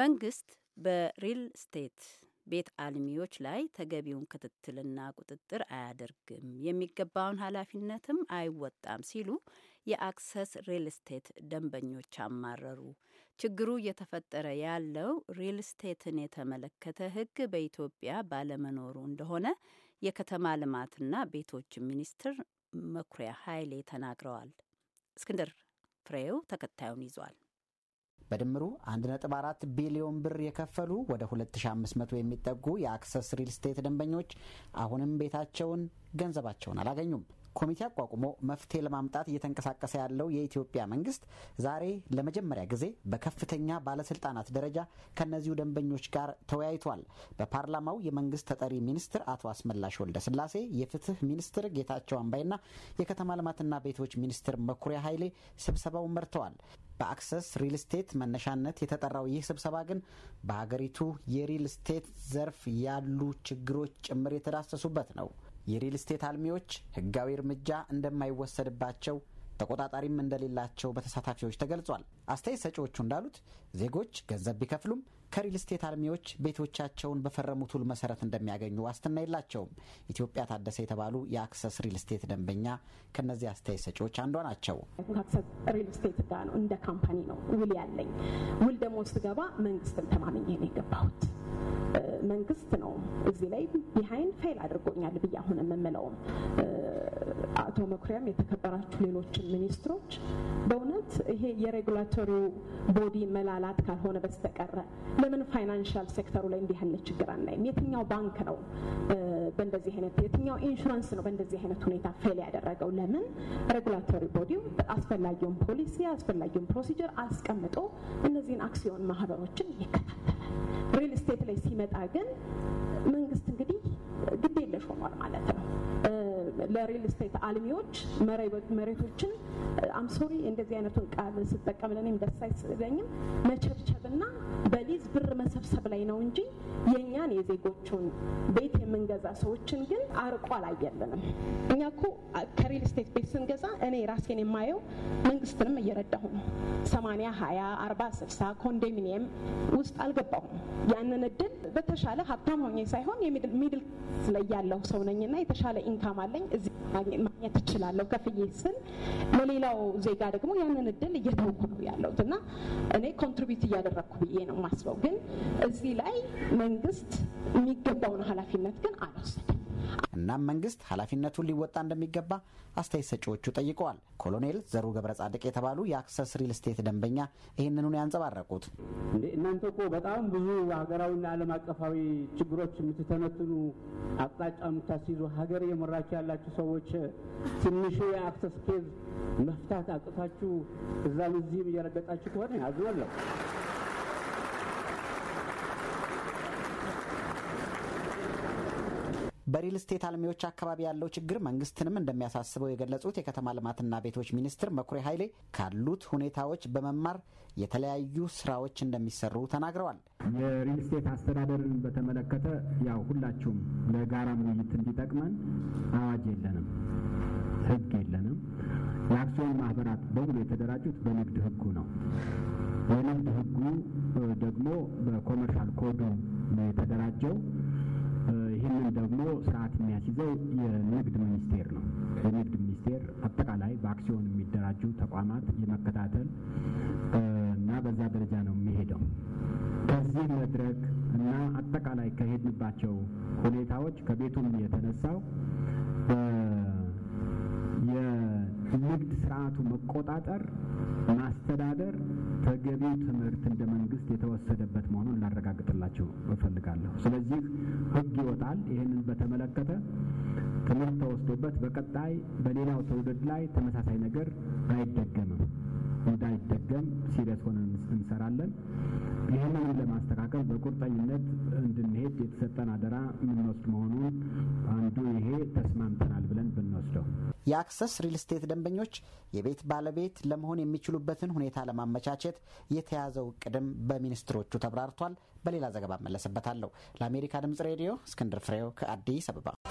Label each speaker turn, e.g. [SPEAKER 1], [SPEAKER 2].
[SPEAKER 1] መንግስት በሪል ስቴት ቤት አልሚዎች ላይ ተገቢውን ክትትልና ቁጥጥር አያደርግም፣ የሚገባውን ኃላፊነትም አይወጣም ሲሉ የአክሰስ ሪል ስቴት ደንበኞች አማረሩ። ችግሩ እየተፈጠረ ያለው ሪል ስቴትን የተመለከተ ሕግ በኢትዮጵያ ባለመኖሩ እንደሆነ የከተማ ልማትና ቤቶች ሚኒስትር መኩሪያ ኃይሌ ተናግረዋል። እስክንድር ፍሬው ተከታዩን ይዟል። በድምሩ 1.4 ቢሊዮን ብር የከፈሉ ወደ 2500 የሚጠጉ የአክሰስ ሪል ስቴት ደንበኞች አሁንም ቤታቸውን፣ ገንዘባቸውን አላገኙም። ኮሚቴ አቋቁሞ መፍትሄ ለማምጣት እየተንቀሳቀሰ ያለው የኢትዮጵያ መንግስት ዛሬ ለመጀመሪያ ጊዜ በከፍተኛ ባለስልጣናት ደረጃ ከእነዚሁ ደንበኞች ጋር ተወያይቷል። በፓርላማው የመንግስት ተጠሪ ሚኒስትር አቶ አስመላሽ ወልደ ስላሴ፣ የፍትህ ሚኒስትር ጌታቸው አምባይና የከተማ ልማትና ቤቶች ሚኒስትር መኩሪያ ኃይሌ ስብሰባው መርተዋል። በአክሰስ ሪል ስቴት መነሻነት የተጠራው ይህ ስብሰባ ግን በሀገሪቱ የሪል ስቴት ዘርፍ ያሉ ችግሮች ጭምር የተዳሰሱበት ነው። የሪል ስቴት አልሚዎች ህጋዊ እርምጃ እንደማይወሰድባቸው ተቆጣጣሪም እንደሌላቸው በተሳታፊዎች ተገልጿል። አስተያየት ሰጪዎቹ እንዳሉት ዜጎች ገንዘብ ቢከፍሉም ከሪል ስቴት አልሚዎች ቤቶቻቸውን በፈረሙት ውል መሰረት እንደሚያገኙ ዋስትና የላቸውም። ኢትዮጵያ ታደሰ የተባሉ የአክሰስ ሪል ስቴት ደንበኛ ከነዚህ አስተያየት ሰጪዎች አንዷ ናቸው።
[SPEAKER 2] ከአክሰስ ሪል ስቴት ጋር ነው እንደ ካምፓኒ ነው ውል ያለኝ። ውል ደግሞ ስገባ መንግስትን ተማምኜ ነው የገባሁት። መንግስት ነው እዚህ ላይ ቢሃይንድ ፌል አድርጎኛል ብዬ አሁን የምምለውም አቶ መኩሪያም የተከበራችሁ ሌሎችን ሚኒስትሮች በእውነት ይሄ የሬጉላቶሪ ቦዲ መላላት ካልሆነ በስተቀረ ለምን ፋይናንሻል ሴክተሩ ላይ እንዲህ ያለ ችግር አናይም? የትኛው ባንክ ነው በእንደዚህ አይነት የትኛው ኢንሹራንስ ነው በእንደዚህ አይነት ሁኔታ ፌል ያደረገው? ለምን ሬጉላቶሪ ቦዲው አስፈላጊውን ፖሊሲ አስፈላጊውን ፕሮሲጀር አስቀምጦ እነዚህን አክሲዮን ማህበሮችን ይከታተላል። ሪል ስቴት ላይ ሲመጣ ግን መንግስት እንግዲህ ግድ ሆኗል ማለት ነው። ለሪል ስቴት አልሚዎች መሬቶችን አምሶሪ እንደዚህ አይነቱን ቃል ስጠቀም ለእኔም ደስ አይለኝም። መቸብቸብና በሊዝ ብር መሰብሰብ ላይ ነው እንጂ የእኛን የዜጎቹን ቤት የምንገዛ ሰዎችን ግን አርቆ አላየልንም። እኛ ኮ ከሪል ስቴት ቤት ስንገዛ እኔ ራሴን የማየው መንግስትንም እየረዳሁ ነው። ሰማኒያ ሀያ አርባ ስልሳ ኮንዶሚኒየም ውስጥ አልገባሁም። ያንን እድል በተሻለ ሀብታም ሆኜ ሳይሆን የሚድል ላይ ያለው ሰው ነኝና የተሻለ ኢንካም አለኝ እዚህ ማግኘት እችላለሁ ከፍዬ ስል ለሌላው ዜጋ ደግሞ ያንን እድል እየተውኩ ነው ያለሁት እና
[SPEAKER 1] እኔ ኮንትሪቢዩት እያደረግኩ ብዬ ነው ማስበው ግን እዚህ ላይ መንግስት የሚገባውን ኃላፊነት ግን አልወሰድም። እናም መንግስት ኃላፊነቱን ሊወጣ እንደሚገባ አስተያየት ሰጪዎቹ ጠይቀዋል። ኮሎኔል ዘሩ ገብረ ጻድቅ የተባሉ የአክሰስ ሪል ስቴት ደንበኛ ይህንኑን ያንጸባረቁት እንዴ
[SPEAKER 3] እናንተ እኮ በጣም ብዙ ሀገራዊና ዓለም አቀፋዊ ችግሮች የምትተነትኑ አቅጣጫ የምታስይዙ ሀገር የመራችሁ ያላችሁ ሰዎች ትንሹ የአክሰስ ኬዝ መፍታት አቅታችሁ እዛም እዚህም እየረገጣችሁ ከሆነ አዝናለሁ።
[SPEAKER 1] በሪል ስቴት አልሚዎች አካባቢ ያለው ችግር መንግስትንም እንደሚያሳስበው የገለጹት የከተማ ልማትና ቤቶች ሚኒስትር መኩሬ ኃይሌ ካሉት ሁኔታዎች በመማር የተለያዩ ስራዎች እንደሚሰሩ ተናግረዋል።
[SPEAKER 3] የሪል ስቴት አስተዳደርን በተመለከተ ያው ሁላችሁም ለጋራ ውይይት እንዲጠቅመን አዋጅ የለንም፣ ህግ የለንም። የአክሲዮን ማህበራት በሙሉ የተደራጁት በንግድ ህጉ ነው። የንግድ ህጉ ደግሞ በኮመርሻል ኮዱ ነው የተደራጀው። ይህንን ስርዓት የሚያስይዘው የንግድ ሚኒስቴር ነው። የንግድ ሚኒስቴር አጠቃላይ በአክሲዮን የሚደራጁ ተቋማት የመከታተል እና በዛ ደረጃ ነው የሚሄደው። ከዚህ መድረክ እና አጠቃላይ ከሄድንባቸው ሁኔታዎች ከቤቱም የተነሳው የንግድ ስርዓቱ መቆጣጠር፣ ማስተዳደር ተገቢው ትምህርት እንደ መንግስት የተወሰደበት መሆኑን ላረጋግጥላቸው እፈልጋለሁ። ስለዚህ ህግ ይወጣል። ይህንን በተመለከተ ትምህርት ተወስዶበት በቀጣይ በሌላው ትውልድ ላይ ተመሳሳይ ነገር አይደገምም እንዳይደገም ሲሪየስ ሆነን እንሰራለን። ይህንንም ለማስተካከል በቁርጠኝነት እንድንሄድ የተሰጠን አደራ የምንወስድ መሆኑን አንዱ ይሄ ተስማምተናል ብለን ብንወስደው
[SPEAKER 1] የአክሰስ ሪል ስቴት ደንበኞች የቤት ባለቤት ለመሆን የሚችሉበትን ሁኔታ ለማመቻቸት የተያዘው ቅድም በሚኒስትሮቹ ተብራርቷል። በሌላ ዘገባ እመለስበታለሁ። ለአሜሪካ ድምጽ ሬዲዮ እስክንድር ፍሬው ከአዲስ አበባ